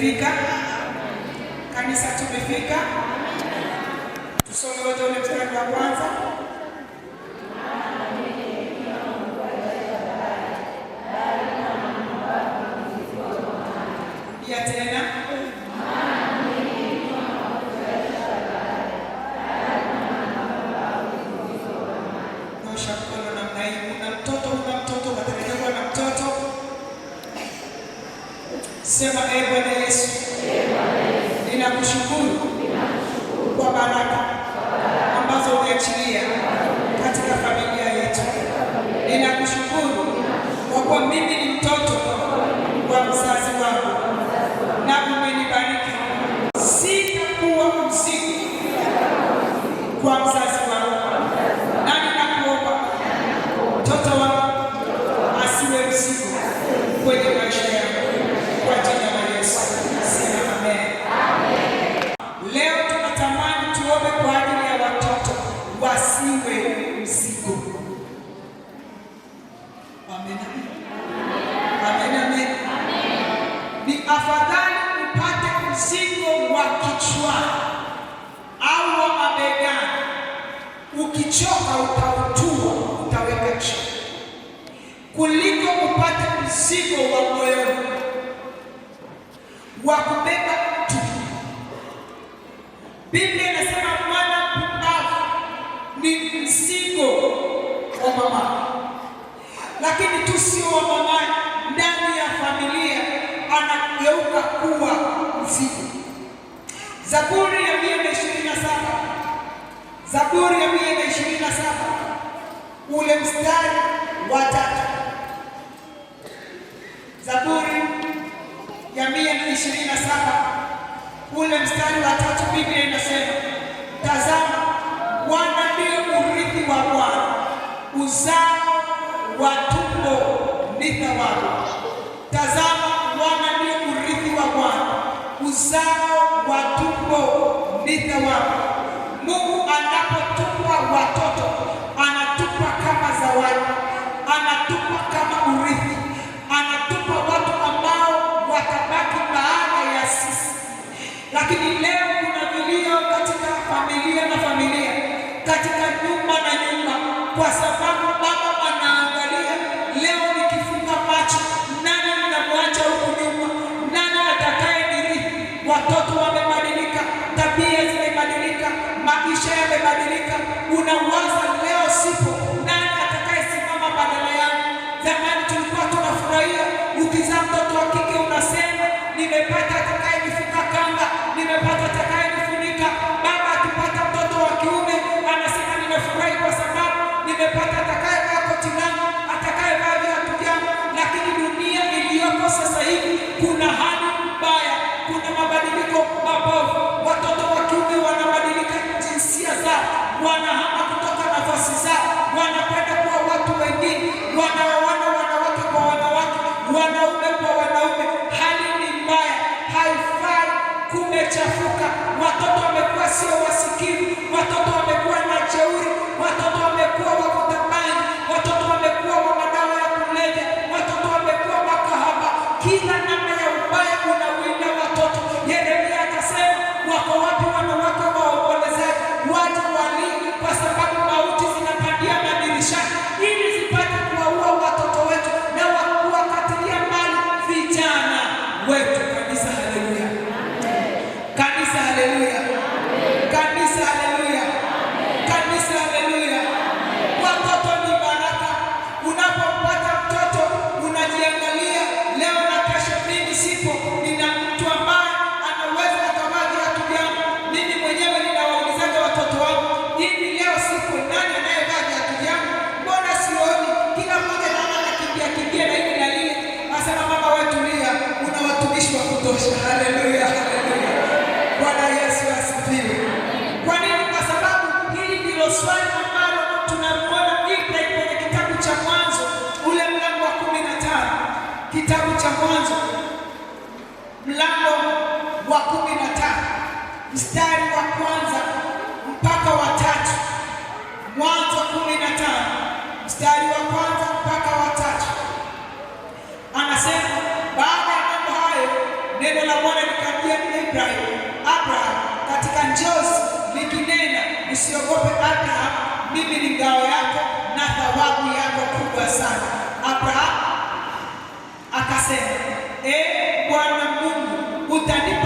Tumefika kanisa, tumefika. Tusome wote ule mstari wa kwanza. mama, lakini tu sio mama, ndani ya familia anageuka kuwa mzigo. Zaburi ya mia na ishirini na saba Zaburi ya mia na ishirini na saba ule mstari wa tatu Zaburi ya mia na ishirini na saba ule mstari wa tatu Biblia inasema, tazama, Bwana ndiye urithi wa Bwana uzao wa tumbo ni thawabu. Tazama, mwana ni urithi wa Bwana, uzao wa tumbo ni thawabu. unawaza leo sipo nani atakayesimama badala yangu. Zamani tulikuwa tunafurahia ukizaa mtoto wa kike unasema nimepata atakayenifunga kanga, nimepata atakayenifunika. Baba akipata mtoto wa kiume anasema nimefurahi kwa sababu nimepata mstari wa kwanza mpaka wa tatu Mwanzo kumi na tano mstari wa kwanza mpaka wa tatu anasema, baada ya mambo hayo neno la Bwana likamjia Ibrahimu Abraham katika njozi likinena, usiogope Abraham, mimi ni ngao yako na thawabu yako kubwa sana. Abraham akasema, e Bwana Mungu utani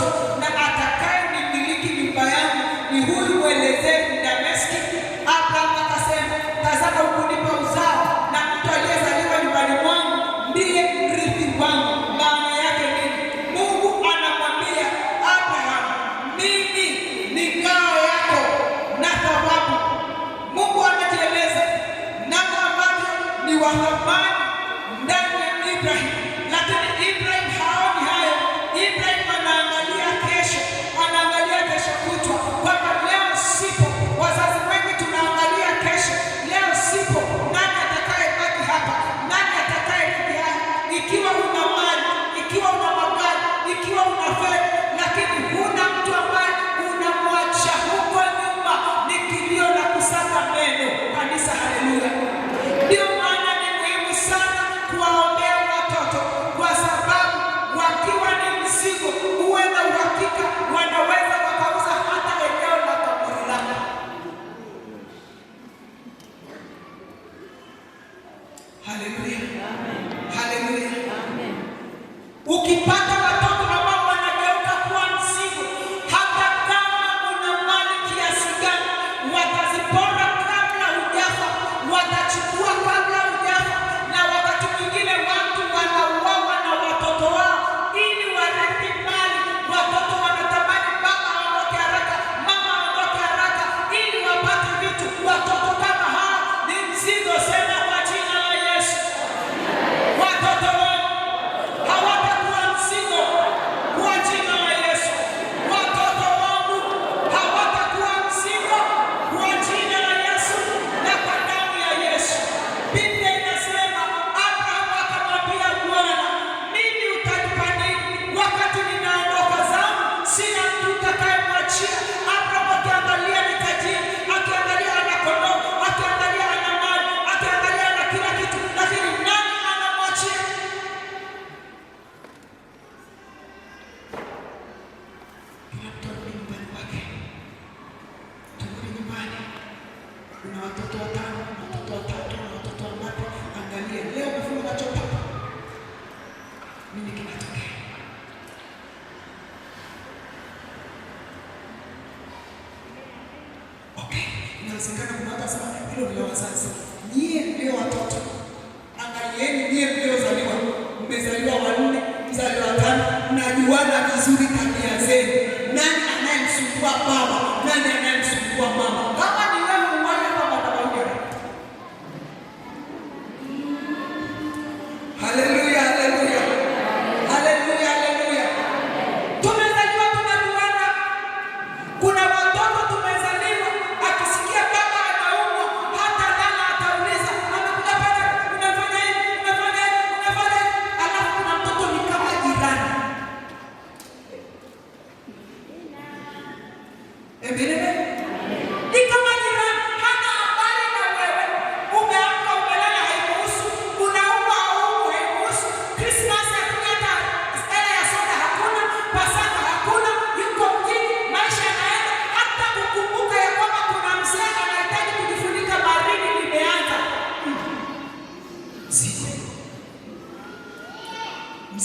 mtoto na atakaye nimiliki nyumba yangu ni huyu, mwelezeni Dameski. Abrahamu akasema, tazama, hukunipa uzao, na mtu aliyezaliwa nyumbani mwangu ndiye mrithi wangu. Maana yake nini? Mungu anamwambia Abrahamu, mimi ni ngao yako na thawabu. Mungu anajieleza, nao ambavyo ni wa thamani Haleluya, haleluya. Ukipata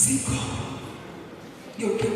Senhor, eu quero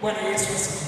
Bwana Yesu asifiwe.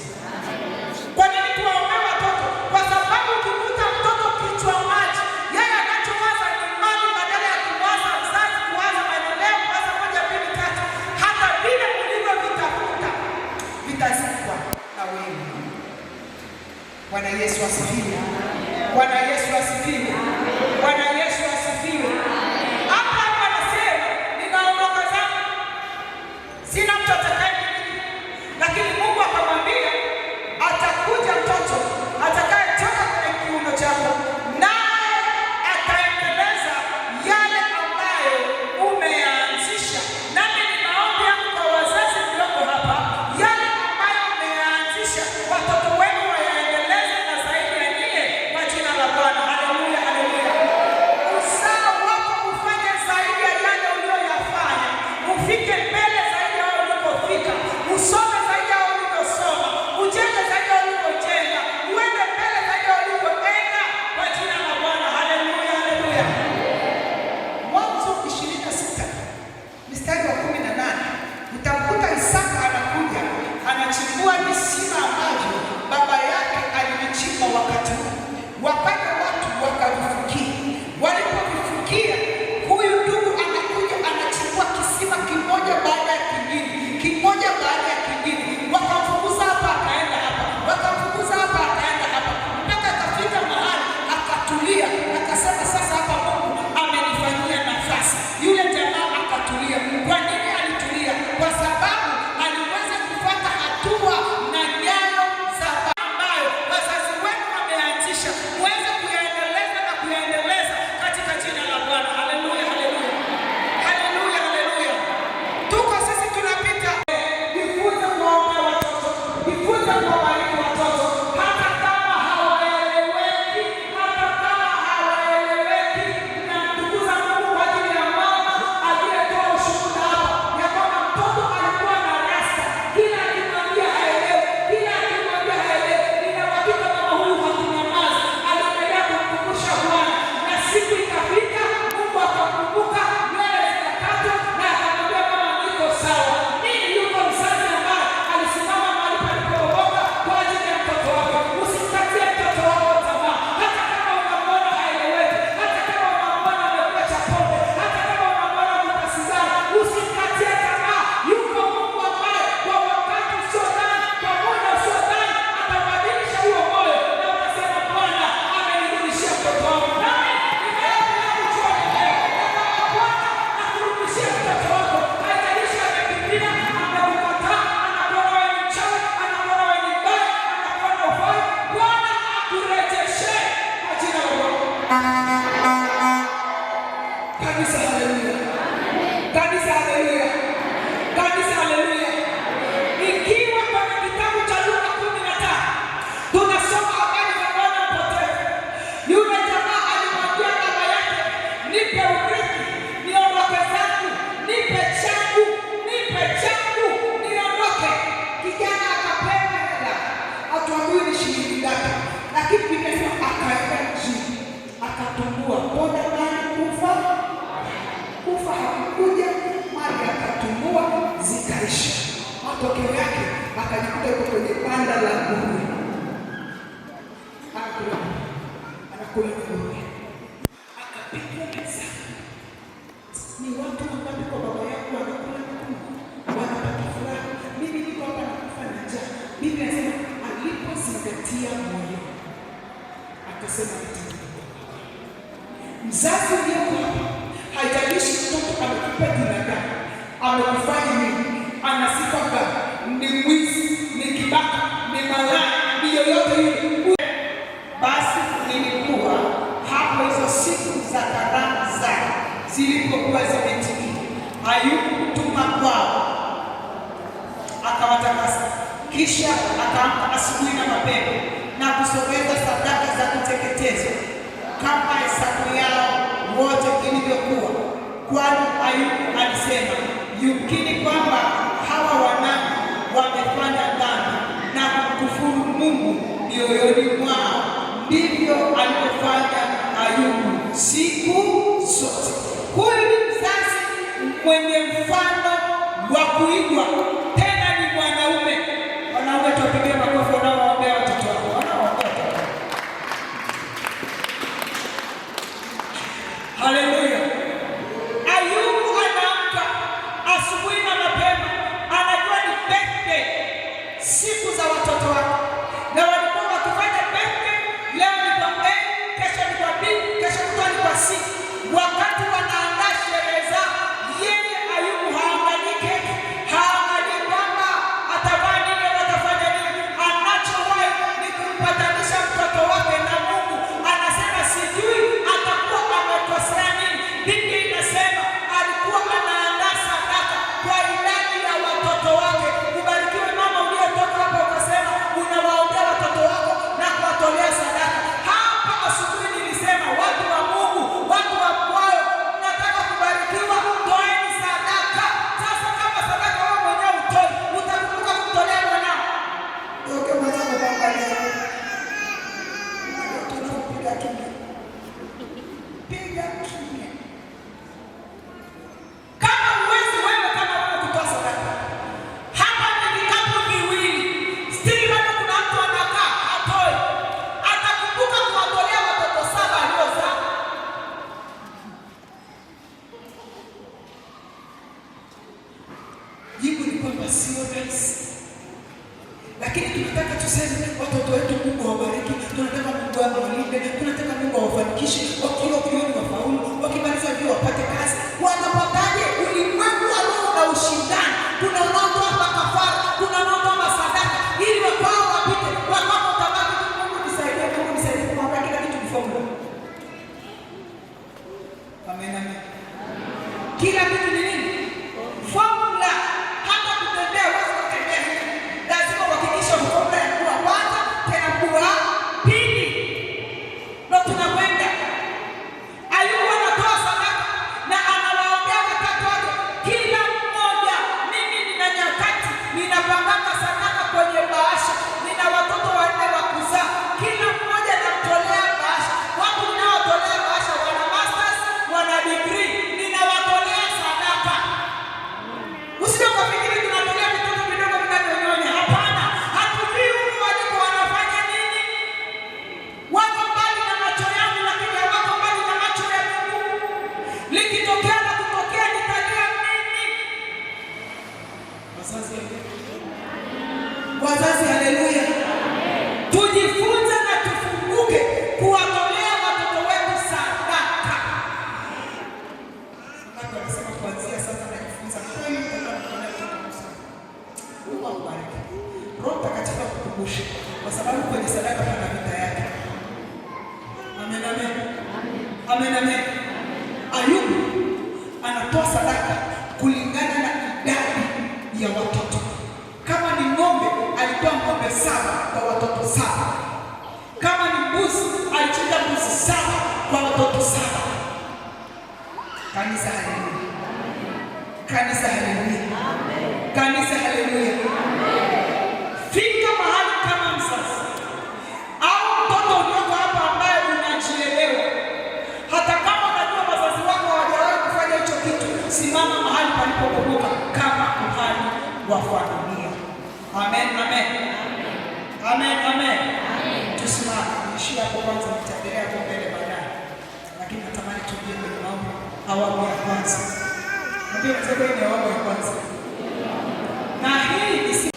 Nasema mzazi uliyoko hapa, haijalishi mtoto amekupa jina gani, amekufanya nini, ana sifa gani, ni mwizi, ni kibaka, ni malaya, ni yoyote yule, basi ilikuwa hapo hizo siku za karamu zake zilipokuwa zimetikia, hayukutuma kwao akawatakasa, kisha akaamka asubuhi na mapema na kusogeza Efeso kama hesabu yao wote ilivyokuwa, kwani Ayubu alisema, yumkini kwamba hawa wanangu wamefanya dhambi na kukufuru Mungu mioyoni mwao, ndivyo alivyofanya Ayubu siku zote. Huyu ni mzazi mwenye mfano wa kuigwa. Kama ni mbuzi, alichinja mbuzi saba kwa watoto saba. Kanisa haleluya! Kanisa haleluya! Kanisa haleluya! Fika mahali kama mzazi au mtoto ulioko hapa ambaye unajielewa, hata kama unajua wazazi wako hawajawahi kufanya hicho kitu, simama mahali palipokumbuka kama kuhani wa familia. Amen, amen, amen, amen hapo kwanza nitaendelea hapo mbele baadaye, lakini natamani tujie kwenye maombi awamu ya kwanza. Ndio, ndio, ni awamu ya kwanza na hii ni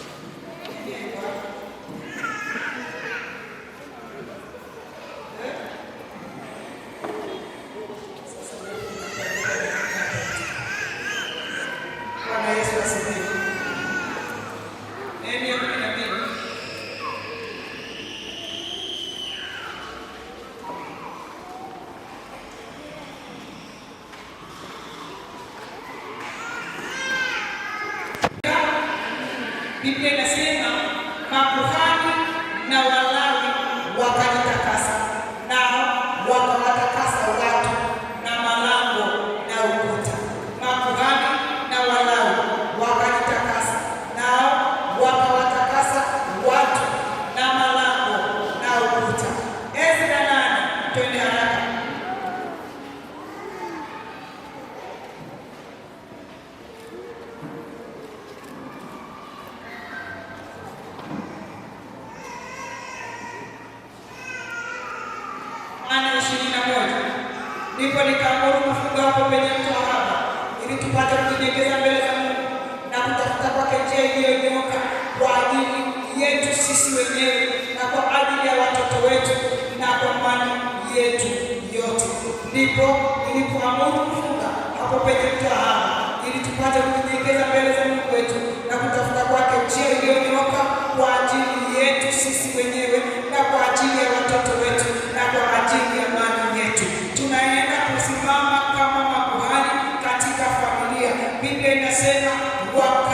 nikaamuru kufunga hapo penye msalaba ili tupate kujinyenyekeza mbele za Mungu na kutafuta kwake njia iliyonyooka kwa ajili yetu sisi wenyewe na kwa ajili ya watoto wetu na kwa mali yetu yote. Ndipo nilipoamuru kufunga hapo penye msalaba ili tupate kujinyenyekeza mbele za Mungu wetu. ¡Gracias!